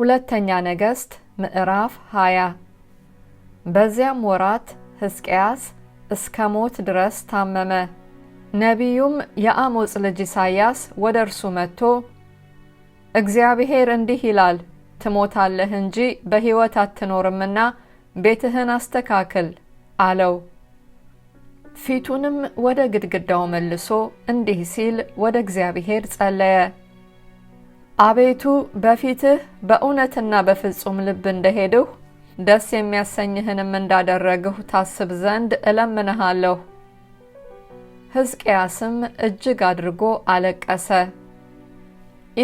ሁለተኛ ነገሥት ምዕራፍ 20 በዚያም ወራት ሕዝቅያስ እስከ ሞት ድረስ ታመመ። ነቢዩም የአሞጽ ልጅ ኢሳይያስ ወደ እርሱ መጥቶ እግዚአብሔር እንዲህ ይላል፣ ትሞታለህ እንጂ በሕይወት አትኖርምና ቤትህን አስተካክል አለው። ፊቱንም ወደ ግድግዳው መልሶ እንዲህ ሲል ወደ እግዚአብሔር ጸለየ። አቤቱ በፊትህ በእውነትና በፍጹም ልብ እንደሄድሁ ደስ የሚያሰኝህንም እንዳደረግሁ ታስብ ዘንድ እለምንሃለሁ። ሕዝቅያስም እጅግ አድርጎ አለቀሰ።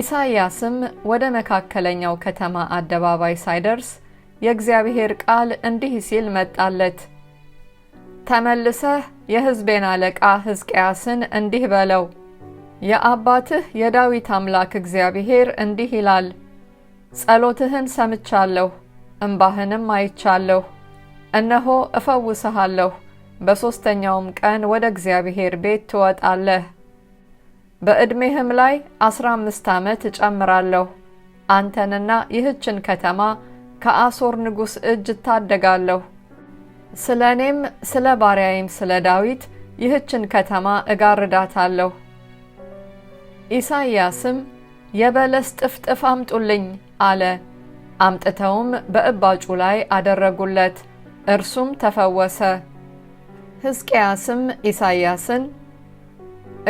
ኢሳይያስም ወደ መካከለኛው ከተማ አደባባይ ሳይደርስ የእግዚአብሔር ቃል እንዲህ ሲል መጣለት። ተመልሰህ የሕዝቤን አለቃ ሕዝቅያስን እንዲህ በለው የአባትህ የዳዊት አምላክ እግዚአብሔር እንዲህ ይላል፣ ጸሎትህን ሰምቻለሁ፣ እምባህንም አይቻለሁ። እነሆ እፈውስሃለሁ፣ በሦስተኛውም ቀን ወደ እግዚአብሔር ቤት ትወጣለህ። በዕድሜህም ላይ አስራ አምስት ዓመት እጨምራለሁ። አንተንና ይህችን ከተማ ከአሦር ንጉሥ እጅ እታደጋለሁ። ስለ እኔም ስለ ባሪያዬም ስለ ዳዊት ይህችን ከተማ እጋርዳታለሁ ኢሳይያስም የበለስ ጥፍጥፍ አምጡልኝ አለ። አምጥተውም በእባጩ ላይ አደረጉለት፣ እርሱም ተፈወሰ። ሕዝቅያስም ኢሳይያስን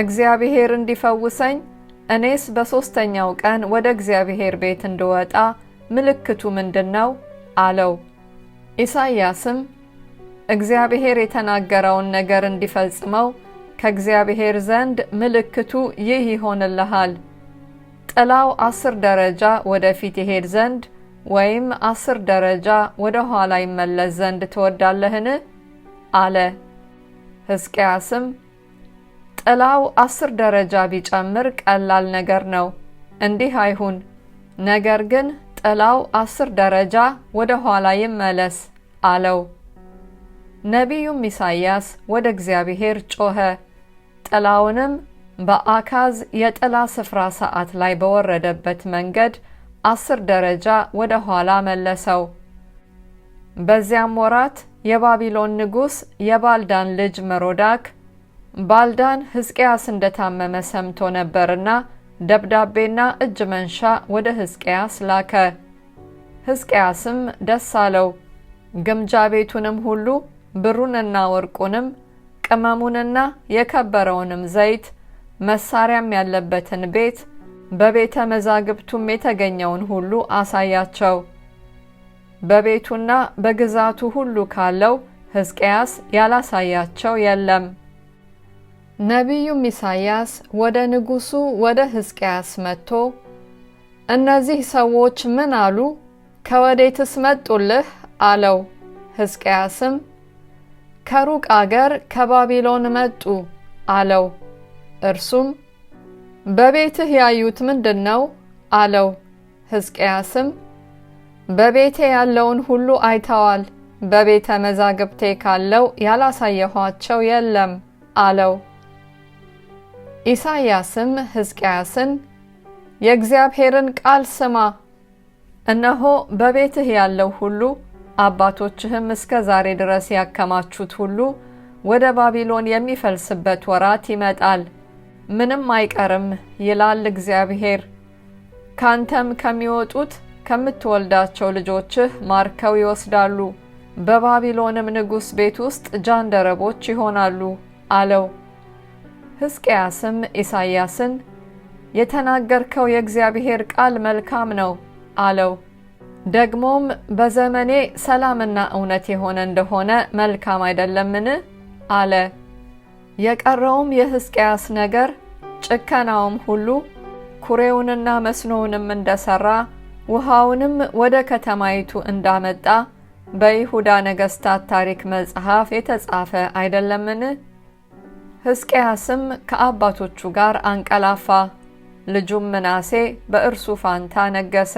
እግዚአብሔር እንዲፈውሰኝ እኔስ በሦስተኛው ቀን ወደ እግዚአብሔር ቤት እንድወጣ ምልክቱ ምንድን ነው? አለው። ኢሳይያስም እግዚአብሔር የተናገረውን ነገር እንዲፈጽመው ከእግዚአብሔር ዘንድ ምልክቱ ይህ ይሆንልሃል። ጥላው አስር ደረጃ ወደፊት ይሄድ ዘንድ ወይም አስር ደረጃ ወደ ኋላ ይመለስ ዘንድ ትወዳለህን? አለ። ሕዝቅያስም ጥላው አስር ደረጃ ቢጨምር ቀላል ነገር ነው፣ እንዲህ አይሁን። ነገር ግን ጥላው አስር ደረጃ ወደ ኋላ ይመለስ አለው። ነቢዩም ኢሳይያስ ወደ እግዚአብሔር ጮኸ። ጥላውንም በአካዝ የጥላ ስፍራ ሰዓት ላይ በወረደበት መንገድ አስር ደረጃ ወደ ኋላ መለሰው። በዚያም ወራት የባቢሎን ንጉሥ የባልዳን ልጅ መሮዳክ ባልዳን ሕዝቅያስ እንደታመመ ሰምቶ ነበርና ደብዳቤና እጅ መንሻ ወደ ሕዝቅያስ ላከ። ሕዝቅያስም ደስ አለው። ግምጃ ቤቱንም ሁሉ ብሩንና ወርቁንም ቅመሙንና የከበረውንም ዘይት መሳሪያም ያለበትን ቤት በቤተ መዛግብቱም የተገኘውን ሁሉ አሳያቸው። በቤቱና በግዛቱ ሁሉ ካለው ሕዝቅያስ ያላሳያቸው የለም። ነቢዩም ኢሳይያስ ወደ ንጉሡ ወደ ሕዝቅያስ መጥቶ እነዚህ ሰዎች ምን አሉ? ከወዴትስ መጡልህ? አለው። ሕዝቅያስም ከሩቅ አገር ከባቢሎን መጡ አለው። እርሱም በቤትህ ያዩት ምንድን ነው አለው። ሕዝቅያስም በቤቴ ያለውን ሁሉ አይተዋል፣ በቤተ መዛግብቴ ካለው ያላሳየኋቸው የለም አለው። ኢሳይያስም ሕዝቅያስን የእግዚአብሔርን ቃል ስማ፣ እነሆ በቤትህ ያለው ሁሉ አባቶችህም እስከ ዛሬ ድረስ ያከማቹት ሁሉ ወደ ባቢሎን የሚፈልስበት ወራት ይመጣል፣ ምንም አይቀርም ይላል እግዚአብሔር። ካንተም ከሚወጡት ከምትወልዳቸው ልጆችህ ማርከው ይወስዳሉ፣ በባቢሎንም ንጉሥ ቤት ውስጥ ጃንደረቦች ይሆናሉ አለው። ሕዝቅያስም ኢሳይያስን የተናገርከው የእግዚአብሔር ቃል መልካም ነው አለው። ደግሞም በዘመኔ ሰላምና እውነት የሆነ እንደሆነ መልካም አይደለምን? አለ። የቀረውም የሕዝቅያስ ነገር ጭከናውም ሁሉ ኩሬውንና መስኖውንም እንደሰራ ውሃውንም ወደ ከተማይቱ እንዳመጣ በይሁዳ ነገሥታት ታሪክ መጽሐፍ የተጻፈ አይደለምን? ሕዝቅያስም ከአባቶቹ ጋር አንቀላፋ፣ ልጁም ምናሴ በእርሱ ፋንታ ነገሰ።